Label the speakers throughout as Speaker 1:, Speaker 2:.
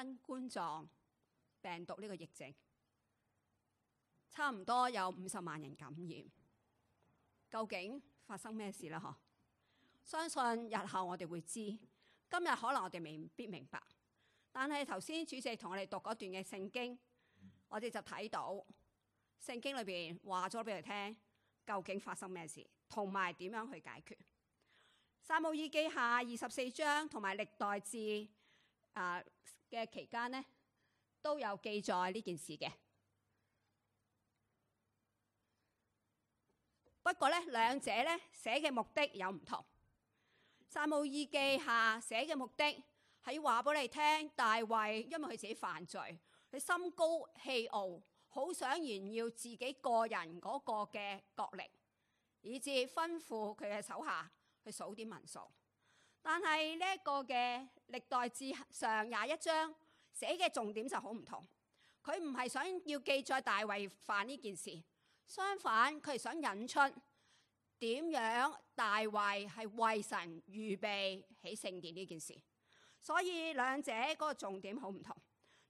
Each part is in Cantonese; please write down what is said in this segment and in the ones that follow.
Speaker 1: 新冠狀病毒呢個疫症，差唔多有五十萬人感染。究竟發生咩事啦？嗬，相信日後我哋會知道。今日可能我哋未必明白，但係頭先主席同我哋讀嗰段嘅聖經，我哋就睇到聖經裏邊話咗俾佢聽，究竟發生咩事，同埋點樣去解決。撒母耳記下二十四章，同埋歷代志啊。呃嘅期間咧，都有記載呢件事嘅。不過呢，兩者咧寫嘅目的有唔同，《撒母耳記下》寫嘅目的係要話俾你聽，大衛因為佢自己犯罪，佢心高氣傲，好想炫耀自己個人嗰個嘅國力，以致吩咐佢嘅手下去數啲民數。但係呢個嘅歷代志上廿一章寫嘅重點就好唔同，佢唔係想要記載大衛犯呢件事，相反佢係想引出點樣大衛係為神預備起聖殿呢件事，所以兩者嗰個重點好唔同。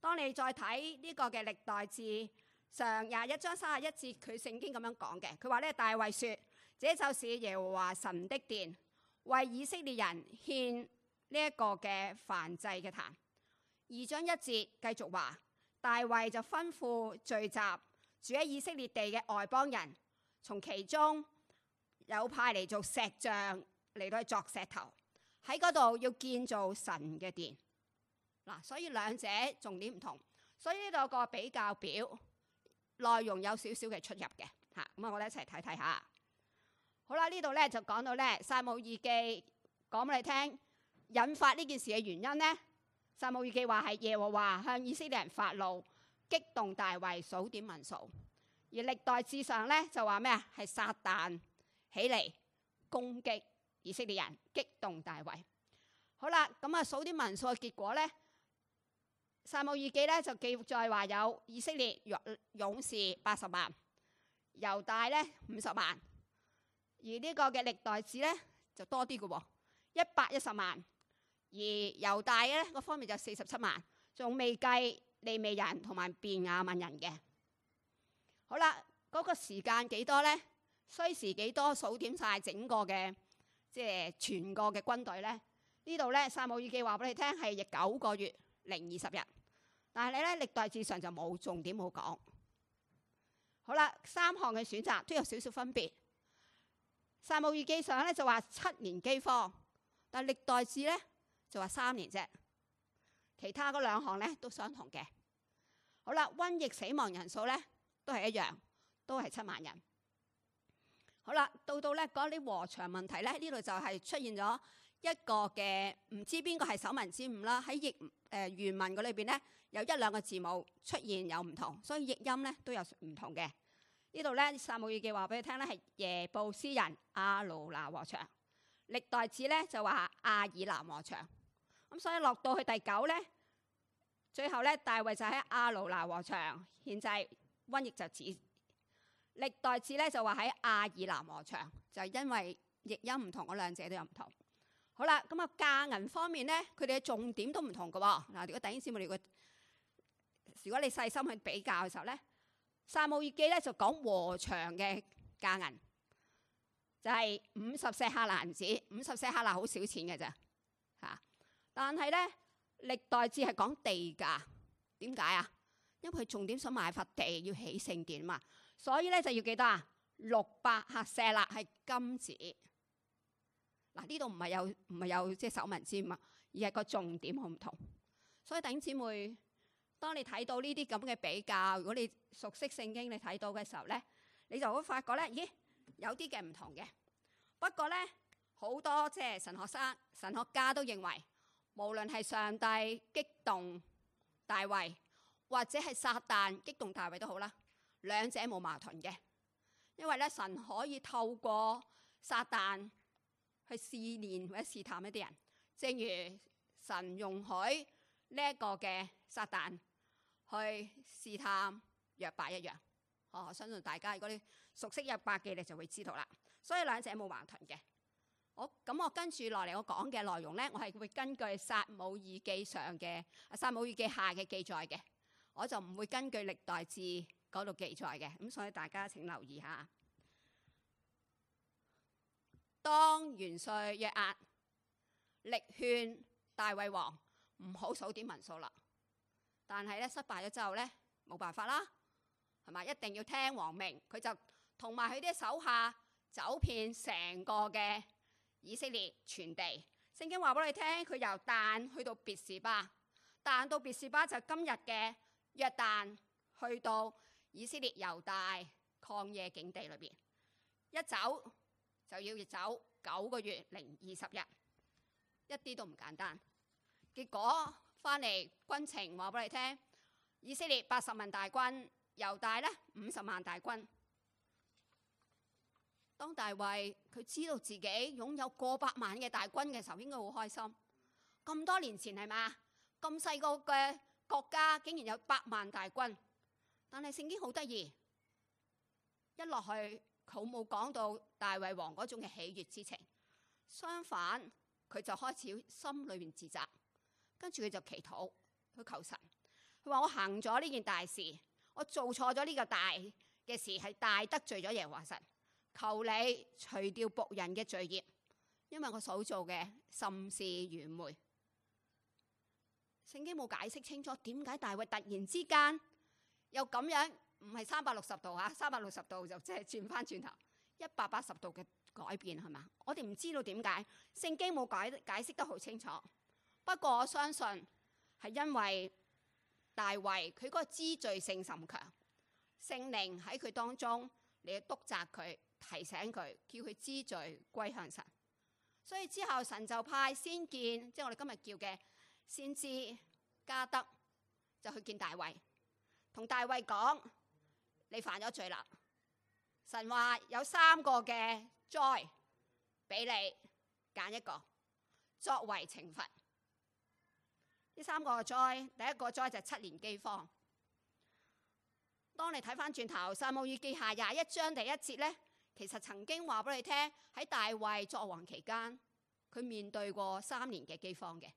Speaker 1: 當你再睇呢個嘅歷代志上廿一章三十一節，佢聖經咁樣講嘅。佢話呢，大衛說，這就是耶和華神的殿。為以色列人獻呢一個嘅燔祭嘅壇，二章一節繼續話，大衛就吩咐聚集住喺以色列地嘅外邦人，從其中有派嚟做石匠，嚟到去鑿石頭，喺嗰度要建造神嘅殿。嗱，所以兩者重點唔同，所以呢度有個比較表，內容有少少嘅出入嘅吓，咁啊，我哋一齊睇睇下。好啦，呢度咧就講到咧《撒母耳記》，講俾你聽，引發呢件事嘅原因咧，《撒母耳記》話係耶和華向以色列人發怒，激動大衛數點民數。而歷代志上咧就話咩啊？係撒但起嚟攻擊以色列人，激動大衛。好啦，咁啊數點民數嘅結果咧，《撒母耳記》咧就記載話有以色列勇士八十萬，猶大咧五十萬。而呢個嘅歷代志咧就多啲嘅喎，一百一十萬；而猶大咧個方面就四十七萬，仲未計利未人同埋便雅憫人嘅。好啦，嗰、那個時間幾多咧？需時幾多？數點晒整個嘅，即係全個嘅軍隊咧。呢度咧撒母耳記話俾你聽係九個月零二十日，但係你咧歷代志上就冇重點冇講。好啦，三項嘅選擇都有少少分別。《撒母耳記》上咧就話七年饑荒，但係歷代志咧就話三年啫。其他嗰兩項咧都相同嘅。好啦，瘟疫死亡人數咧都係一樣，都係七萬人。好啦，到到咧嗰啲和長問題咧，呢度就係出現咗一個嘅唔知邊個係手民之誤啦。喺譯誒、呃、原文嗰裏邊咧有一兩個字母出現有唔同，所以譯音咧都有唔同嘅。這裏呢度咧《撒母耳記》話俾你聽咧，係耶布斯人阿勞拿禾場；歷代志咧就話亞爾南禾場。咁所以落到去第九咧，最後咧，大衛就喺阿勞拿禾場獻祭，現在瘟疫就止。歷代志咧就話喺亞爾南禾場，就係因為譯音唔同，嗰兩者都有唔同。好啦，咁啊價銀方面咧，佢哋嘅重點都唔同嘅喎。嗱，如果《撒母耳記》，如果你細心去比較嘅時候咧。《撒母耳記呢》咧就講禾場嘅價銀，就係、是、五十舍客勒子，五十舍客勒好少錢嘅咋嚇？但係咧，歷代志係講地價，點解啊？因為佢重點想買塊地要起聖殿嘛，所以咧就要記得啊，六百舍客勒係金子。嗱，呢度唔係有唔係有即係手民之誤嘛，而係個重點好唔同，所以頂姐妹。當你睇到呢啲咁嘅比較，如果你熟悉聖經，你睇到嘅時候呢，你就會發覺呢，咦，有啲嘅唔同嘅。不過呢，好多即係神學生、神學家都認為，無論係上帝激動大衛，或者係撒旦激動大衛都好啦，兩者冇矛盾嘅，因為呢，神可以透過撒旦去試驗或者試探一啲人，正如神容許呢一個嘅撒旦。去試探約伯一樣，哦！相信大家如果啲熟悉約伯記你就會知道啦。所以兩者冇矛盾嘅。好，咁我跟住落嚟我講嘅內容呢，我係會根據撒母耳記上嘅、撒母耳記下嘅記載嘅，我就唔會根據歷代志嗰度記載嘅。咁所以大家請留意一下。當元帥約押力勸大衛王唔好數點民數啦。但係咧失敗咗之後咧，冇辦法啦，係嘛？一定要聽王明，佢就同埋佢啲手下走遍成個嘅以色列全地。聖經話俾你哋聽，佢由但去到別士巴，但到別士巴就今日嘅約但，去到以色列猶大曠野境地裏邊，一走就要走九個月零二十日，一啲都唔簡單。結果，翻嚟軍情話俾你聽，以色列八十萬大軍，猶大呢五十萬大軍。當大衛佢知道自己擁有過百萬嘅大軍嘅時候，應該好開心。咁多年前係嘛？咁細個嘅國家竟然有百萬大軍，但係聖經好得意，一落去佢冇講到大衛王嗰種嘅喜悅之情，相反佢就開始心裏面自責。跟住佢就祈禱，佢求神，佢話：我行咗呢件大事，我做錯咗呢個大嘅事，係大得罪咗耶和華神，求你除掉僕人嘅罪孽。因為我所做嘅甚是愚昧。聖經冇解釋清楚點解大衛突然之間又咁樣，唔係三百六十度嚇、啊，三百六十度就即係轉翻轉頭一百八十度嘅改變係嘛？我哋唔知道點解聖經冇解解釋得好清楚。不過我相信係因為大衛佢嗰個知罪性甚強，聖靈喺佢當中嚟督責佢，提醒佢叫佢知罪歸向神。所以之後神就派先見，即係我哋今日叫嘅先知加德，就去見大衛，同大衛講：你犯咗罪啦！神話有三個嘅災俾你揀一個作為懲罰。呢三個災，第一個災就係七年饑荒。當你睇翻轉頭《撒母耳記下》廿一章第一節呢，其實曾經話俾你聽，喺大衛作王期間，佢面對過三年嘅饑荒嘅，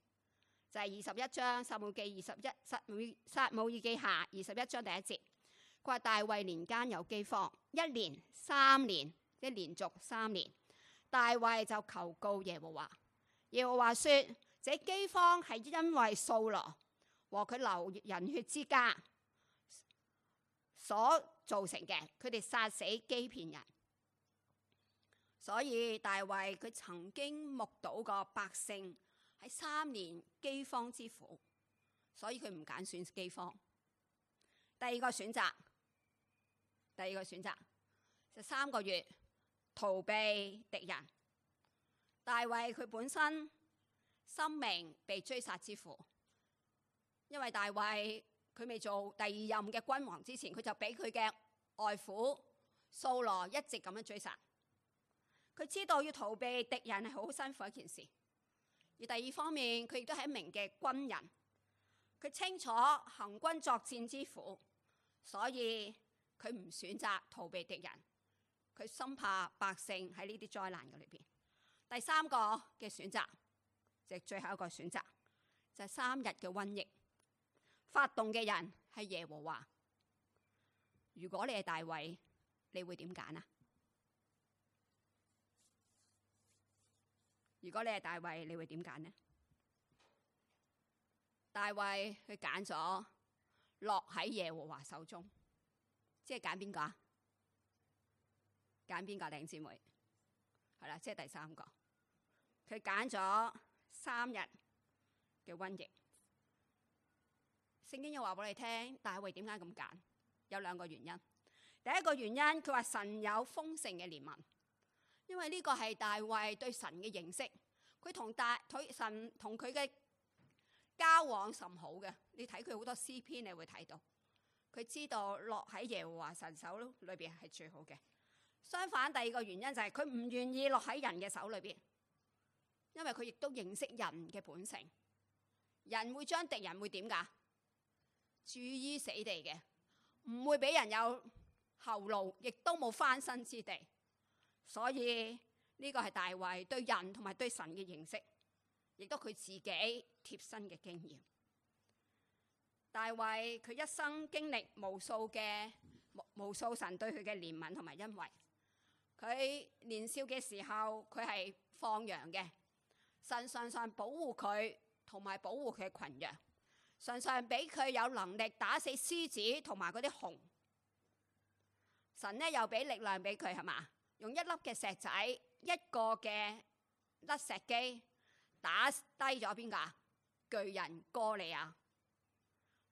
Speaker 1: 就係二十一章《撒母耳記》二十一《撒母撒母耳記下》二十一章第一節，佢話大衛年間有饑荒，一年三年，即係連續三年，大衛就求告耶和華，耶和華說。這饑荒係因為掃羅和佢流人血之家所造成嘅，佢哋殺死基遍人，所以大衛佢曾經目睹過百姓喺三年饑荒之苦，所以佢唔敢選饑荒。第二個選擇，第二個選擇就是三個月逃避敵人。大衛佢本身生命被追殺之苦，因為大衛佢未做第二任嘅君王之前，佢就俾佢嘅外父掃羅一直咁樣追殺。佢知道要逃避敵人係好辛苦一件事。而第二方面，佢亦都係一名嘅軍人，佢清楚行軍作戰之苦，所以佢唔選擇逃避敵人。佢深怕百姓喺呢啲災難嘅裏邊。第三個嘅選擇。最後一個選擇，就係三日嘅瘟疫，發動嘅人係耶和華。如果你係大衛，你會點揀啊？如果你係大衛，你會點揀呢？大衛佢揀咗落喺耶和華手中，即係揀邊個啊？揀邊個領姊妹？係啦，即係第三個，佢揀咗。三日嘅瘟疫，聖經又話俾你聽，大衛點解咁揀？有兩個原因。第一個原因，佢話神有豐盛嘅憐憫，因為呢個係大衛對神嘅認識。佢同大，佢神同佢嘅交往甚好嘅。你睇佢好多詩篇，你會睇到佢知道落喺耶和華神手裏邊係最好嘅。相反，第二個原因就係佢唔願意落喺人嘅手裏邊。因為佢亦都認識人嘅本性，人會將敵人會點噶？置於死地嘅，唔會俾人有後路，亦都冇翻身之地。所以呢個係大衛對人同埋對神嘅認識，亦都佢自己貼身嘅經驗。大衛佢一生經歷無數嘅無，無數神對佢嘅憐憫同埋恩惠。佢年少嘅時候，佢係放羊嘅。神常常保護佢，同埋保護佢嘅群羊，常常俾佢有能力打死獅子同埋嗰啲熊。神呢又俾力量俾佢，係嘛？用一粒嘅石仔，一個嘅甩石機，打低咗邊個？巨人哥利亞。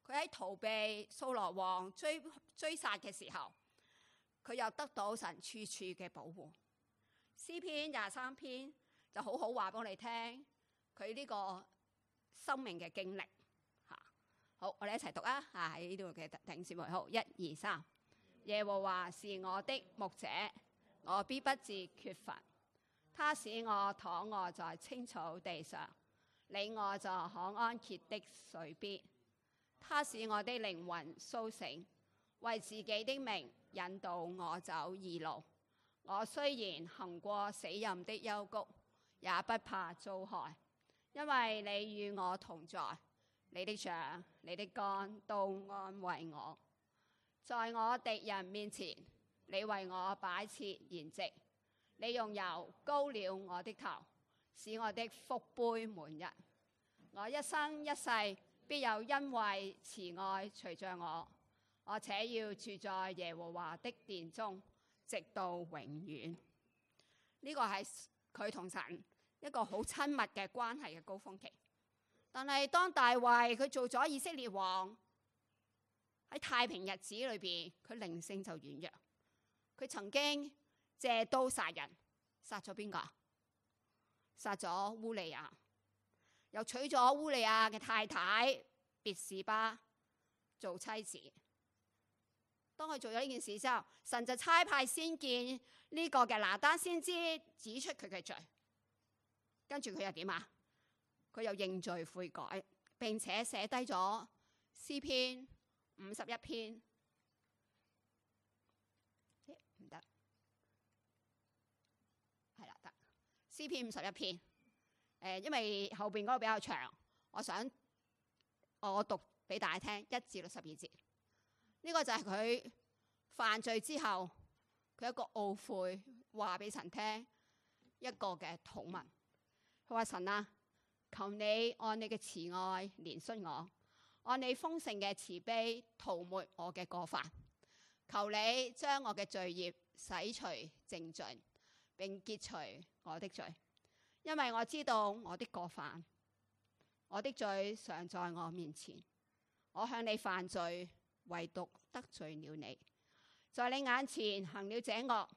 Speaker 1: 佢喺逃避掃羅王追追殺嘅時候，佢又得到神處處嘅保護。詩篇廿三篇。就好好話，俾你聽佢呢個生命嘅經歷好，我哋一齊讀啊！啊，喺呢度嘅頂尖位號，一二三。耶和華是我的牧者，我必不至缺乏。他使我躺臥在青草地上，你我在可安歇的水邊。他使我的靈魂甦醒，為自己的名引導我走義路。我雖然行過死蔭的幽谷，也不怕遭害，因為你與我同在，你的杖、你的竿都安慰我，在我敵人面前，你為我擺設筵席，你用油膏了我的頭，使我的福杯滿溢。我一生一世必有恩惠慈愛隨著我，我且要住在耶和華的殿中，直到永遠。呢、這個係。佢同神一個好親密嘅關係嘅高峰期，但係當大衛佢做咗以色列王喺太平日子裏邊，佢靈性就軟弱。佢曾經借刀殺人，殺咗邊個啊？殺咗烏利亞，又娶咗烏利亞嘅太太別士巴做妻子。當佢做咗呢件事之後，神就差派先見呢個嘅拿單，先知指出佢嘅罪，跟住佢又點啊？佢又認罪悔改，並且寫低咗詩篇五十一篇。唔得，係啦，得。詩篇五十一篇，誒，因為後面那邊嗰個比較長，我想我讀俾大家聽一至到十二節。呢個就係佢犯罪之後，佢一個懊悔，話俾神聽一個嘅禱文。佢話神啊，求你按你嘅慈愛憐恤我，按你豐盛嘅慈悲塗抹我嘅過犯，求你將我嘅罪孽洗除淨盡，並潔除我的罪，因為我知道我的過犯，我的罪常在我面前，我向你犯罪。唯獨得罪了你，在你眼前行了這惡，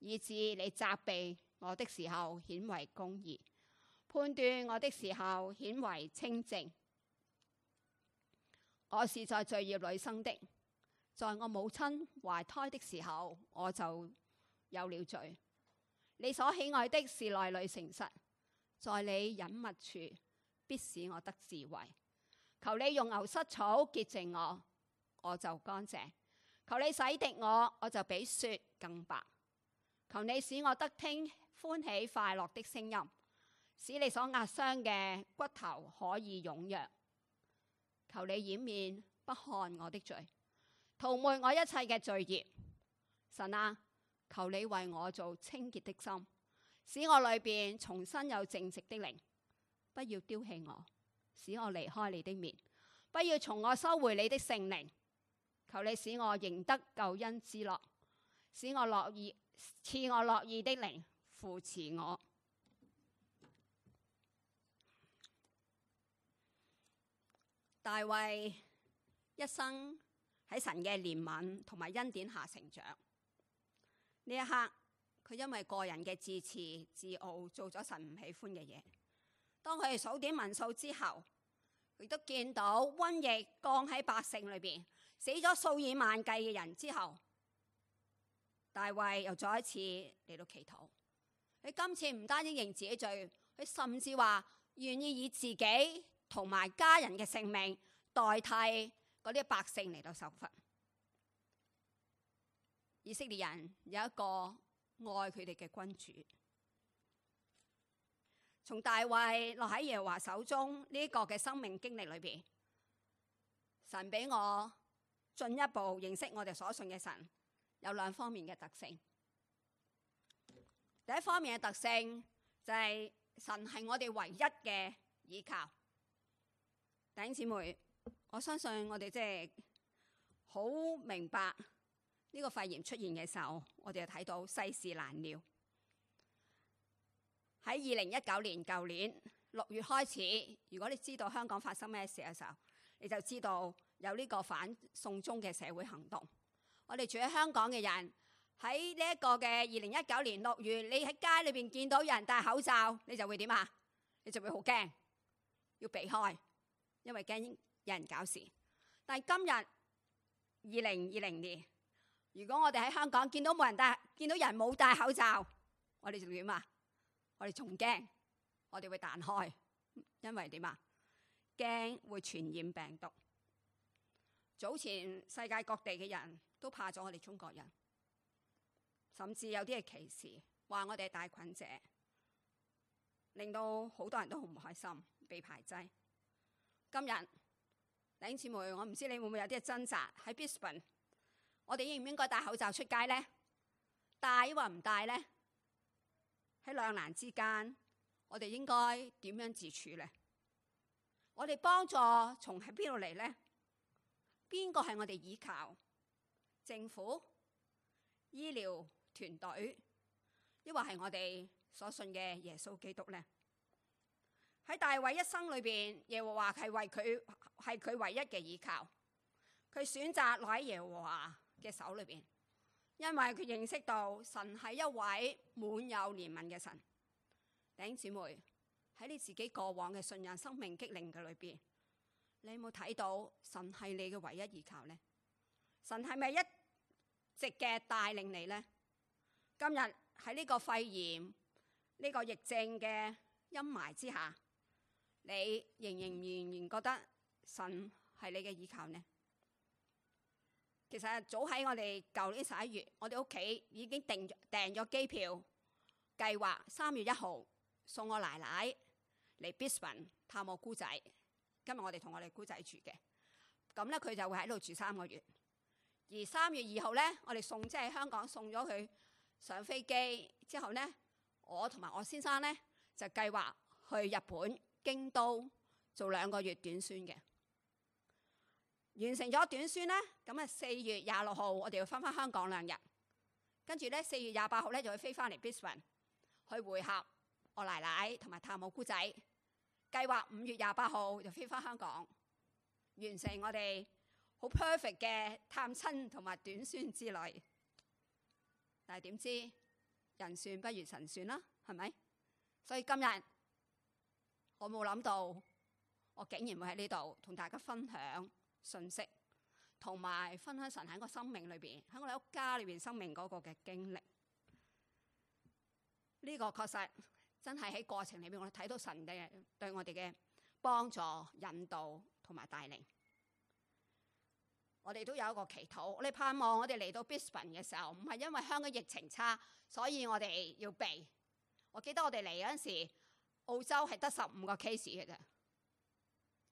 Speaker 1: 以致你責備我的時候顯為公義，判斷我的時候顯為清正。我是在罪孽裏生的，在我母親懷胎的時候我就有了罪。你所喜愛的是內裏誠實，在你隱密處必使我得智慧。求你用牛膝草潔淨我。我就乾淨，求你洗滌我，我就比雪更白。求你使我得聽歡喜快樂的聲音，使你所壓傷嘅骨頭可以踴躍。求你掩面不看我的罪，塗抹我一切嘅罪孽。神啊，求你為我做清潔的心，使我裏面重新有正直的靈。不要丟棄我，使我離開你的面，不要從我收回你的聖靈。求你使我贏得救恩之樂，使我樂意賜我樂意的靈扶持我。大衛一生喺神嘅憐憫同埋恩典下成長。呢一刻，佢因為個人嘅自恃、自傲，做咗神唔喜歡嘅嘢。當佢哋數點民數之後，亦都見到瘟疫降喺百姓裏邊。死咗數以萬計嘅人之後，大衛又再一次嚟到祈禱。佢今次唔單止認自己罪，佢甚至話願意以自己同埋家人嘅性命代替嗰啲百姓嚟到受罰。以色列人有一個愛佢哋嘅君主。從大衛落喺耶和華手中呢個嘅生命經歷裏邊，神俾我，進一步認識我哋所信嘅神，有兩方面嘅特性。第一方面嘅特性就係神係我哋唯一嘅依靠。弟兄姊妹，我相信我哋即係好明白呢個肺炎出現嘅時候，我哋就睇到世事難料。喺二零一九年舊年六月開始，如果你知道香港發生咩事嘅時候，你就知道。有呢個反送中嘅社會行動，我哋住喺香港嘅人喺呢一個嘅二零一九年六月，你喺街裏邊見到有人戴口罩，你就會點啊？你就會好驚，要避開，因為驚有人搞事。但係今日二零二零年，如果我哋喺香港見到冇人戴，見到人冇戴口罩，我哋仲點啊？我哋仲驚，我哋會彈開，因為點啊？驚會傳染病毒。早前世界各地嘅人都怕咗我哋中國人，甚至有啲係歧視，話我哋係帶菌者，令到好多人都好唔開心，被排擠。今日，弟兄姊妹，我唔知你會唔會有啲掙扎喺 Brisbane，我哋應唔應該戴口罩出街呢？戴或唔戴呢？喺兩難之間，我哋應該點樣自處呢？我哋幫助從喺邊度嚟呢？邊個係我哋倚靠？政府、醫療團隊，抑或係我哋所信嘅耶穌基督呢？喺大衛一生裏邊，耶和華係為佢係佢唯一嘅倚靠。佢選擇落喺耶和華嘅手裏邊，因為佢認識到神係一位滿有憐憫嘅神。頂姊妹，喺你自己過往嘅信任、生命激靈嘅裏邊。你有冇睇到神係你嘅唯一依靠呢？神係咪一直嘅帶領你呢？今日喺呢個肺炎呢個疫症嘅陰霾之下，你仍然仍然，然，然覺得神係你嘅依靠呢？其實早喺我哋舊年十一月，我哋屋企已經訂訂咗機票計劃，計劃三月一號送我奶奶嚟 Bishan、bon, 探我姑仔。今日我哋同我哋姑仔住嘅，咁咧佢就會喺度住三個月。而三月二號咧，我哋送即係、就是、香港送咗佢上飛機之後咧，我同埋我先生咧就計劃去日本京都做兩個月短宣嘅。完成咗短宣咧，咁啊四月廿六號我哋要翻返香港兩日，跟住咧四月廿八號咧就會飛 wan, 去飛翻嚟 Brisbane 去會合我奶奶同埋探我姑仔。計劃五月廿八號就飛返香港，完成我哋好 perfect 嘅探親同埋短宣之旅。但係點知人算不如神算啦，係咪？所以今日我冇諗到，我竟然會喺呢度同大家分享信息，同埋分享神喺我生命裏邊，喺我哋屋家裏邊生命嗰個嘅經歷。呢個確實。真係喺過程裏面，我哋睇到神嘅對我哋嘅幫助、引導同埋帶領。我哋都有一個祈禱，我哋盼望我哋嚟到 Brisbane 嘅時候，唔係因為香港疫情差，所以我哋要避。我記得我哋嚟嗰陣時，澳洲係得十五個 case 嘅啫。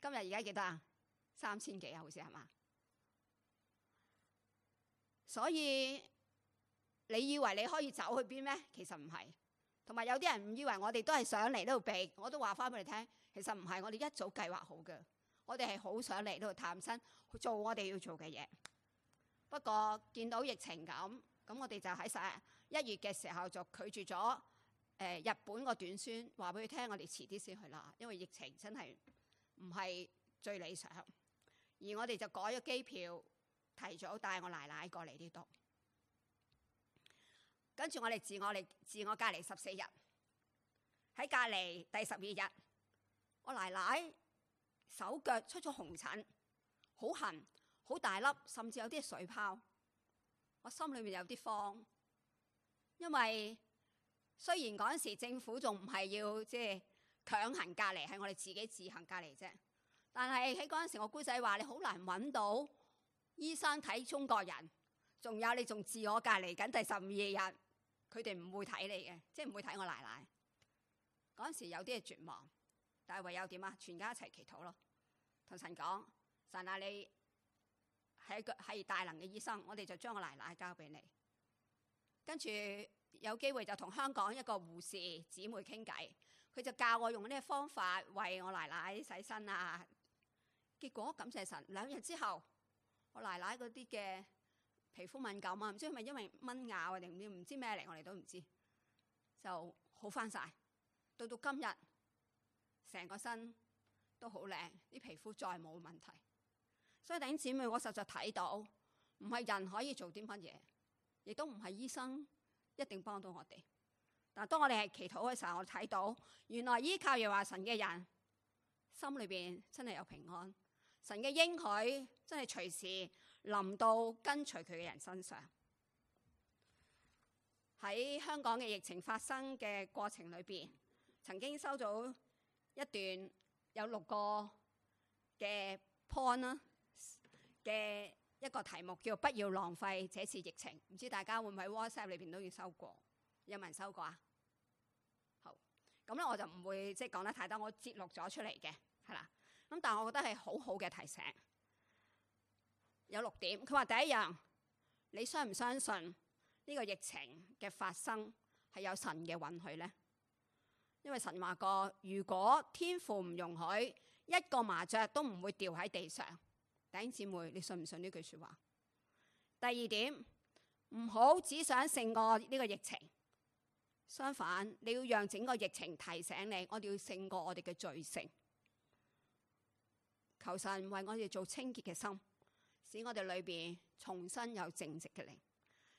Speaker 1: 今日而家幾多啊，三千幾啊，好似係嘛？所以你以為你可以走去邊咩？其實唔係。同埋有啲人唔以為我哋都係想嚟呢度避，我都話翻俾你聽，其實唔係，我哋一早計劃好嘅，我哋係好想嚟呢度探親，做我哋要做嘅嘢。不過見到疫情咁，咁我哋就喺十一月嘅時候就拒絕咗日本個短宣，話俾佢聽，我哋遲啲先去啦，因為疫情真係唔係最理想。而我哋就改咗機票，提早帶我奶奶過嚟呢度。跟住我哋自我嚟自我隔離十四日，喺隔離第十二日，我奶奶手腳出咗紅疹，好痕，好大粒，甚至有啲水泡。我心裏面有啲慌，因為雖然嗰陣時政府仲唔係要即係強行隔離，係我哋自己自行隔離啫。但係喺嗰陣時，我姑仔話你好難揾到醫生睇中國人，仲有你仲自我隔離緊第十二日。佢哋唔會睇你嘅，即係唔會睇我奶奶。嗰陣時有啲係絕望，但係唯有點啊？全家一齊祈禱咯，同神講：神啊，你係一個係大能嘅醫生，我哋就將我奶奶交俾你。跟住有機會就同香港一個護士姊妹傾偈，佢就教我用呢個方法為我奶奶洗身啊。結果感謝神，兩日之後，我奶奶嗰啲嘅。皮膚敏感啊，唔知係咪因為蚊咬定唔知咩嚟，我哋都唔知，就好翻晒，到到今日，成個身都好靚，啲皮膚再冇問題。所以弟兄姊妹，我實在睇到，唔係人可以做啲乜嘢，亦都唔係醫生一定幫到我哋。但當我哋係祈禱嘅時候，我睇到原來依靠耶和華神嘅人，心裏邊真係有平安，神嘅應許真係隨時。臨到跟隨佢嘅人身上。喺香港嘅疫情發生嘅過程裏面，曾經收到一段有六個嘅 point 啦，嘅一個題目叫，叫不要浪費這次疫情。唔知大家會唔會喺 WhatsApp 裏面都要收過？有冇人收過啊？好，咁咧我就唔會即係講得太多，我截錄咗出嚟嘅係啦。咁但係我覺得係好好嘅提醒。有六點，佢話第一樣，你相唔相信呢個疫情嘅發生係有神嘅允許呢？因為神話過，如果天父唔容許一個麻雀都唔會掉喺地上，弟兄姊妹，你信唔信呢句說話？第二點，唔好只想勝過呢個疫情，相反，你要讓整個疫情提醒你，我哋要勝過我哋嘅罪性，求神為我哋做清潔嘅心。使我哋裏邊重新有正直嘅靈。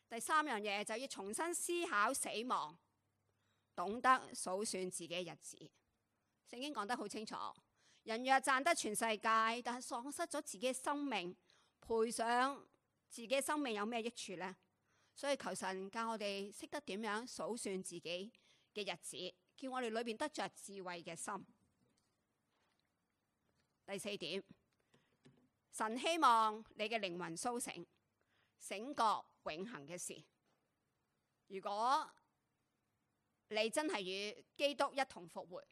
Speaker 1: 第三樣嘢就要重新思考死亡，懂得數算自己嘅日子。聖經講得好清楚，「人若賺得全世界，但係喪失咗自己嘅生命，賠上自己嘅生命有咩益處呢？」所以求神教我哋識得點樣數算自己嘅日子，叫我哋裏邊得着智慧嘅心。第四點。神希望你嘅靈魂甦醒，醒覺永恒嘅事。如果你真係與基督一同復活，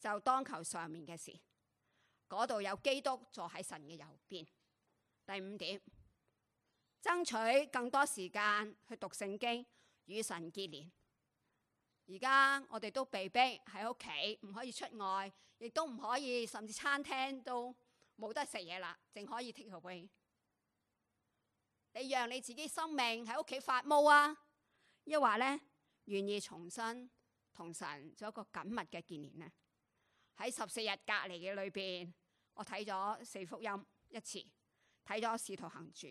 Speaker 1: 就當求上面嘅事。嗰度有基督坐喺神嘅右邊。第五點，爭取更多時間去讀聖經，與神結連。而家我哋都被迫喺屋企，唔可以出外，亦都唔可以，甚至餐廳都。冇得食嘢啦，淨可以 take away。你讓你自己生命喺屋企發毛啊？一話呢，願意重新同神做一個緊密嘅結連呢。喺十四日隔離嘅裏邊，我睇咗四福音一次，睇咗《使徒行傳》，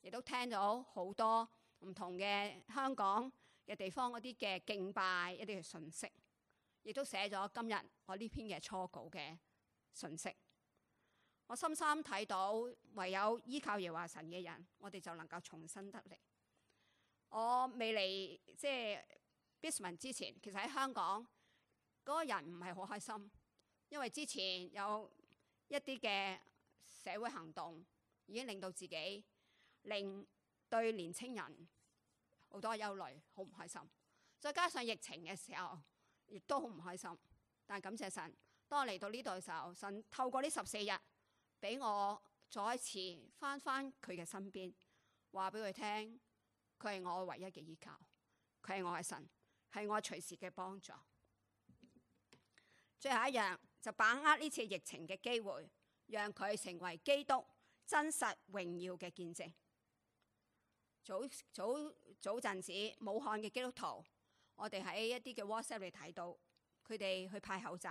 Speaker 1: 亦都聽咗好多唔同嘅香港嘅地方嗰啲嘅敬拜一啲嘅信息，亦都寫咗今日我呢篇嘅初稿嘅信息。我深深睇到，唯有依靠耶和華神嘅人，我哋就能夠重新得力。我未嚟即係 Bisman 之前，其實喺香港嗰個人唔係好開心，因為之前有一啲嘅社會行動已經令到自己，令對年青人好多憂慮，好唔開心。再加上疫情嘅時候，亦都好唔開心。但係感謝神，當我嚟到呢度嘅時候，神透過呢十四日。俾我再一次翻返佢嘅身邊，話俾佢聽，佢係我唯一嘅依靠，佢係我嘅神，係我隨時嘅幫助。最後一樣，就把握呢次疫情嘅機會，讓佢成為基督真實榮耀嘅見證。早、早、早陣子，武漢嘅基督徒，我哋喺一啲嘅 WhatsApp 裏睇到，佢哋去派口罩，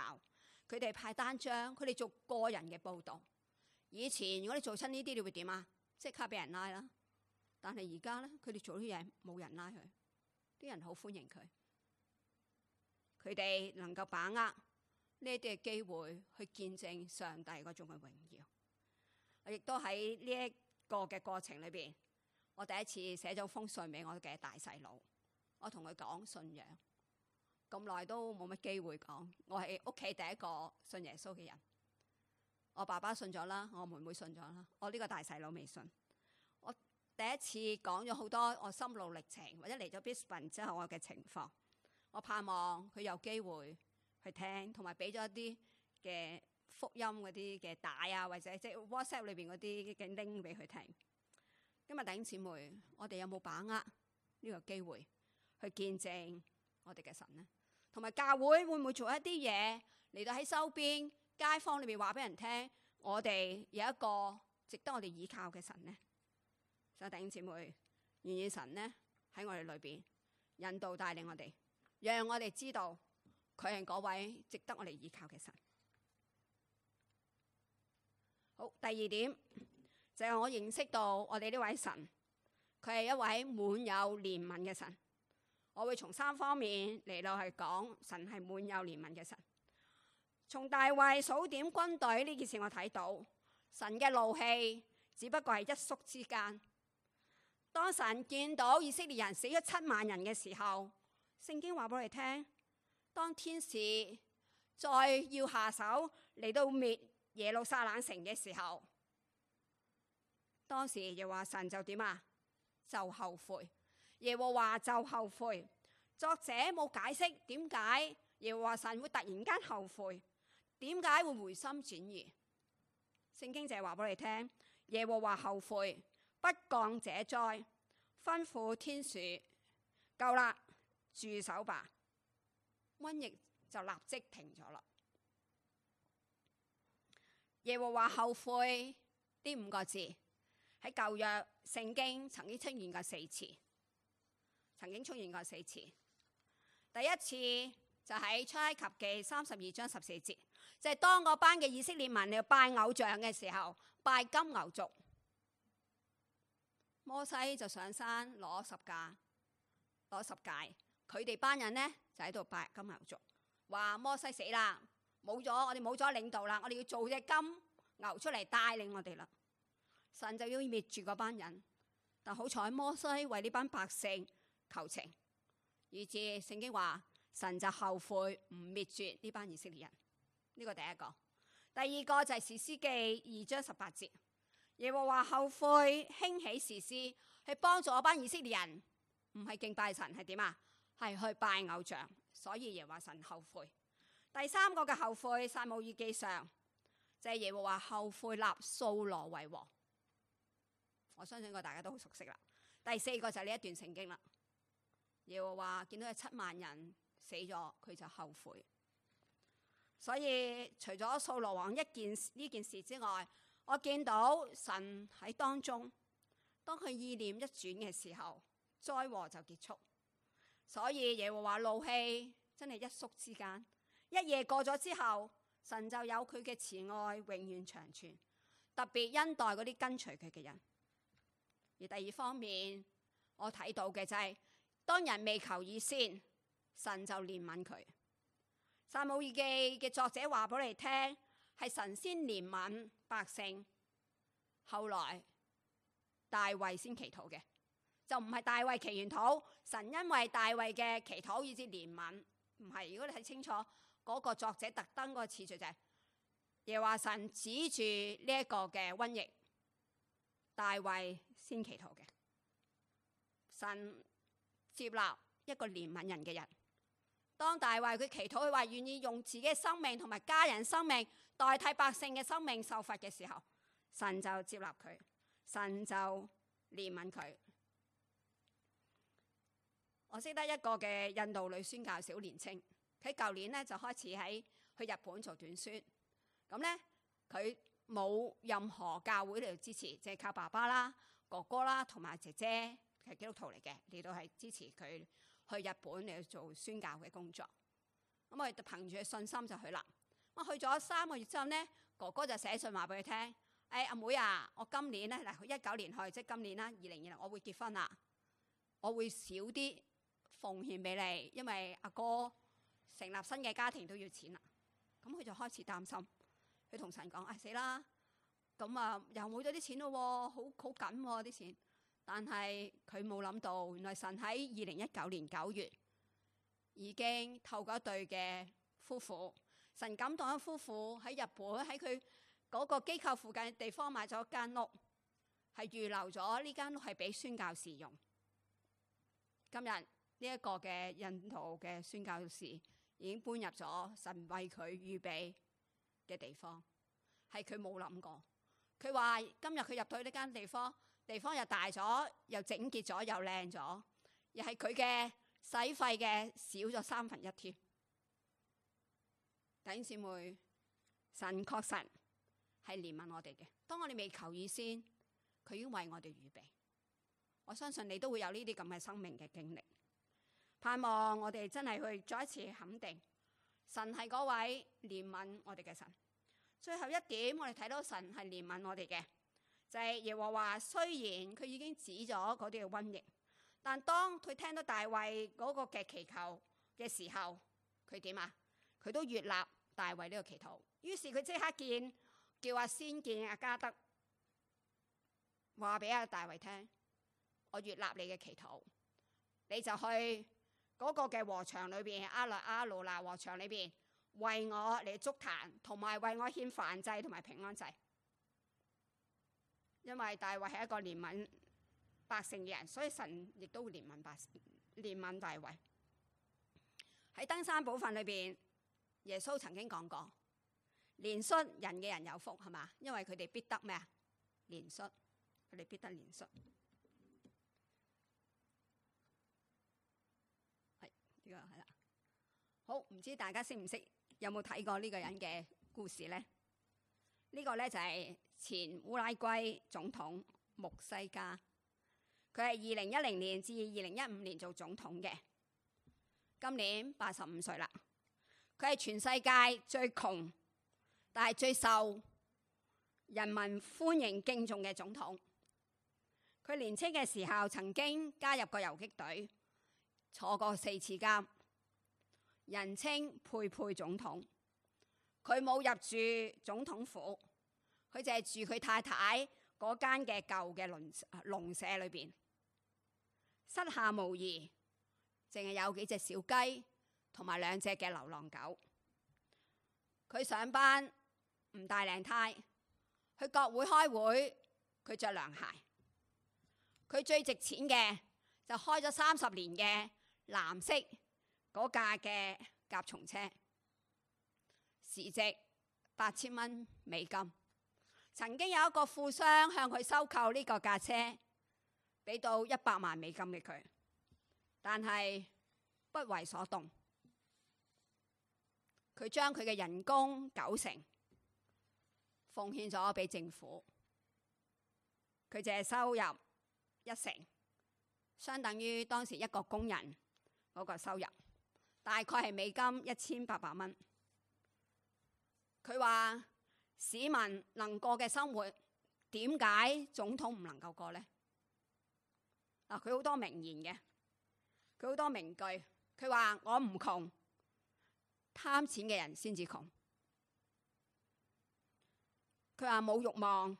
Speaker 1: 佢哋派單張，佢哋做個人嘅報道。以前如果你做親呢啲，你會點啊？即刻俾人拉啦！但係而家咧，佢哋做啲嘢冇人拉佢，啲人好歡迎佢。佢哋能夠把握呢啲嘅機會，去見證上帝嗰種嘅榮耀。我亦都喺呢一個嘅過程裏邊，我第一次寫咗封信俾我嘅大細佬，我同佢講信仰。咁耐都冇乜機會講，我係屋企第一個信耶穌嘅人。我爸爸信咗啦，我妹妹信咗啦，我呢個大細佬未信。我第一次講咗好多我心路歷程，或者嚟咗 Brisbane 之後我嘅情況，我盼望佢有機會去聽，同埋俾咗一啲嘅福音嗰啲嘅帶啊，或者即係 WhatsApp 裏邊嗰啲嘅 link 俾佢聽。今日弟兄姊妹，我哋有冇把握呢個機會去見證我哋嘅神呢？同埋教會會唔會做一啲嘢嚟到喺收邊？街坊裏面話俾人聽，我哋有一個值得我哋倚靠嘅神呢。所以弟兄姊妹，願意神呢喺我哋裏邊引導帶領我哋，讓我哋知道佢係嗰位值得我哋倚靠嘅神。好，第二點就係我認識到我哋呢位神，佢係一位滿有憐憫嘅神。我會從三方面嚟到去講神係滿有憐憫嘅神。從大衛數點軍隊呢件事我，我睇到神嘅怒氣只不過係一宿之間。當神見到以色列人死咗七萬人嘅時候，聖經話俾我哋聽，當天使再要下手嚟到滅耶路撒冷城嘅時候，當時耶和華神就點啊？就後悔。耶和華就後悔。作者冇解釋點解耶和華神會突然間後悔。點解會回心轉意？聖經就係話俾你聽，耶和華後悔，不降者災，吩咐天使，夠啦，住手吧，瘟疫就立即停咗啦。耶和華後悔呢五個字喺舊約聖經曾經出現過四次，曾經出現過四次。第一次就喺出埃及記三十二章十四節。就當嗰班嘅以色列民嚟拜偶像嘅時候拜金牛族。摩西就上山攞十架攞十戒，佢哋班人呢就喺度拜金牛族，話摩西死啦，冇咗我哋冇咗領導啦，我哋要做隻金牛出嚟帶領我哋啦。神就要滅絕嗰班人，但好彩摩西為呢班百姓求情，以致聖經話神就後悔唔滅絕呢班以色列人。呢個第一個，第二個就係、是《士師記》二章十八節，耶和華後悔興起士師去幫助我班以色列人，唔係敬拜神係點啊？係去拜偶像，所以耶和華神後悔。第三個嘅後悔，《撒母耳記上》就係、是、耶和華後悔立掃羅為王。我相信個大家都好熟悉啦。第四個就係呢一段聖經啦。耶和華見到有七萬人死咗，佢就後悔。所以除咗掃羅王一件呢件事之外，我見到神喺當中，當佢意念一轉嘅時候，災禍就結束。所以耶和華怒氣真係一宿之間，一夜過咗之後，神就有佢嘅慈愛永遠長存，特別恩待嗰啲跟隨佢嘅人。而第二方面，我睇到嘅就係、是、當人未求以先，神就憐憫佢。撒母耳記嘅作者話俾你聽，係神先憐憫百姓，後來大衛先祈禱嘅，就唔係大衛祈完禱，神因為大衛嘅祈禱以致憐憫，唔係。如果你睇清楚嗰、那個作者特登個次序就係、是，耶和華神指住呢一個嘅瘟疫，大衛先祈禱嘅，神接納一個憐憫人嘅人。當大衛佢祈禱，佢話願意用自己嘅生命同埋家人生命代替百姓嘅生命受罰嘅時候，神就接納佢，神就憐憫佢。我識得一個嘅印度女宣教小年青，佢舊年咧就開始喺去日本做短宣，咁咧佢冇任何教會嚟支持，即係靠爸爸啦、哥哥啦同埋姐姐係基督徒嚟嘅嚟到係支持佢。去日本嚟做宣教嘅工作，咁我哋就憑住信心就去啦。我去咗三個月之後呢，哥哥就寫信話俾佢聽：誒阿妹啊，我今年呢，嗱，一九年去，即係今年啦，二零二零，我會結婚啦，我會少啲奉獻俾你，因為阿哥成立新嘅家庭都要錢啦。咁佢就開始擔心，佢同神講：啊死啦，咁啊又冇咗啲錢咯，好好緊喎啲錢。但係佢冇諗到，原來神喺二零一九年九月已經透過一對嘅夫婦，神感動啲夫婦喺日本喺佢嗰個機構附近嘅地方買咗一間屋，係預留咗呢間屋係俾宣教士用。今日呢一個嘅印度嘅宣教士已經搬入咗神為佢預備嘅地方，係佢冇諗過。佢話今日佢入到呢間地方。地方又大咗，又整潔咗，又靚咗，又係佢嘅使費嘅少咗三分一添。弟兄姊妹，神確實係憐憫我哋嘅。當我哋未求以先，佢已經為我哋預備。我相信你都會有呢啲咁嘅生命嘅經歷。盼望我哋真係去再一次肯定，神係嗰位憐憫我哋嘅神。最後一點，我哋睇到神係憐憫我哋嘅。耶和華雖然佢已經指咗嗰啲嘅瘟疫，但當佢聽到大衛嗰個嘅祈求嘅時候，佢點啊？佢都悅納大衛呢個祈禱。於是佢即刻見叫阿仙見阿加德，話俾阿大衛聽：我悅納你嘅祈禱，你就去嗰個嘅禾場裏邊，阿來亞魯那禾場裏邊，為我嚟祝壇，同埋為我獻燔祭同埋平安祭。因為大衛係一個憐憫百姓嘅人，所以神亦都會憐憫百姓，憐憫大衛。喺登山寶訓裏邊，耶穌曾經講過：憐恤人嘅人有福，係嘛？因為佢哋必得咩啊？憐恤，佢哋必得憐恤。係呢個係啦。好，唔知大家識唔識？有冇睇過呢個人嘅故事咧？呢個咧就係。前烏拉圭總統穆西加，佢係二零一零年至二零一五年做總統嘅，今年八十五歲啦。佢係全世界最窮但係最受人民歡迎敬重嘅總統。佢年輕嘅時候曾經加入過遊擊隊，坐過四次監，人稱佩佩總統。佢冇入住總統府。佢淨係住佢太太嗰間嘅舊嘅農農舍裏邊，膝下無疑，淨係有幾隻小雞同埋兩隻嘅流浪狗。佢上班唔帶領呔，去國會開會，佢着涼鞋。佢最值錢嘅就開咗三十年嘅藍色嗰架嘅甲蟲車，市值八千蚊美金。曾經有一個富商向佢收購呢個架車，俾到一百萬美金俾佢，但係不為所動。佢將佢嘅人工九成奉獻咗給政府，佢淨係收入一成，相當於當時一個工人嗰個收入，大概係美金一千八百蚊。佢話，市民能過嘅生活，點解總統唔能夠過呢？嗱、啊，佢好多名言嘅，佢好多名句。佢話我唔窮，貪錢嘅人先至窮。佢話冇欲望，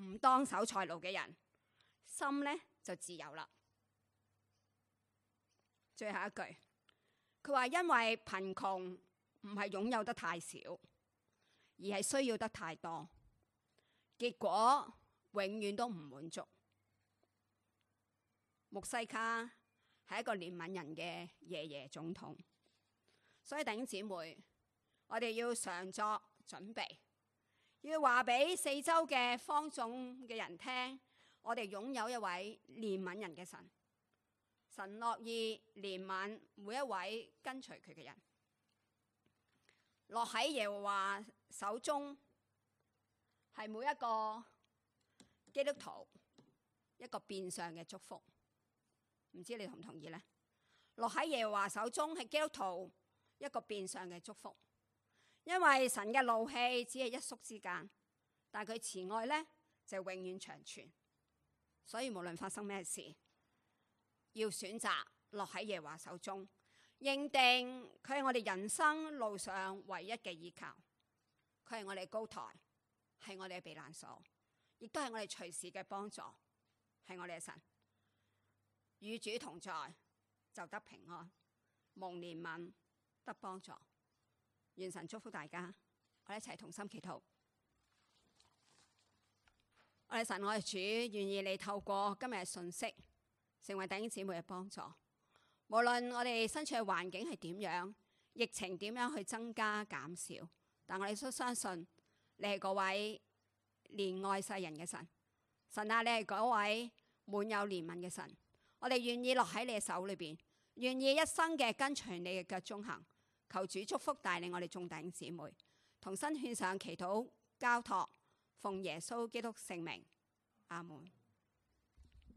Speaker 1: 唔當守財奴嘅人，心呢就自由啦。最後一句，佢話因為貧窮唔係擁有得太少，而係需要得太多，結果永遠都唔滿足。穆西卡係一個憐憫人嘅爺爺總統，所以弟兄姊妹，我哋要常作準備，要話俾四周嘅坊眾嘅人聽，我哋擁有一位憐憫人嘅神，神樂意憐憫每一位跟隨佢嘅人，落喺耶和華手中係每一個基督徒一個變相嘅祝福，唔知你同唔同意呢？落喺耶華手中係基督徒一個變相嘅祝福，因為神嘅怒氣只係一宿之間，但佢慈愛呢就永遠長存。所以無論發生咩事，要選擇落喺耶華手中，認定佢係我哋人生路上唯一嘅依靠。佢係我哋高台，係我哋嘅避難所，亦都係我哋隨時嘅幫助，係我哋嘅神。與主同在就得平安，蒙憐憫得幫助。願神祝福大家，我哋一齊同心祈禱。我哋神，我哋主，願意你透過今日嘅信息，成為弟兄姊妹嘅幫助。無論我哋身處嘅環境係點樣，疫情點樣去增加減少。但我哋都相信你係嗰位憐愛世人嘅神，神啊，你係嗰位滿有憐憫嘅神，我哋願意落喺你嘅手裏邊，願意一生嘅跟隨你嘅腳蹤行，求主祝福帶領我哋眾弟兄姊妹，同心獻上祈禱交託，奉耶穌基督聖名，阿門。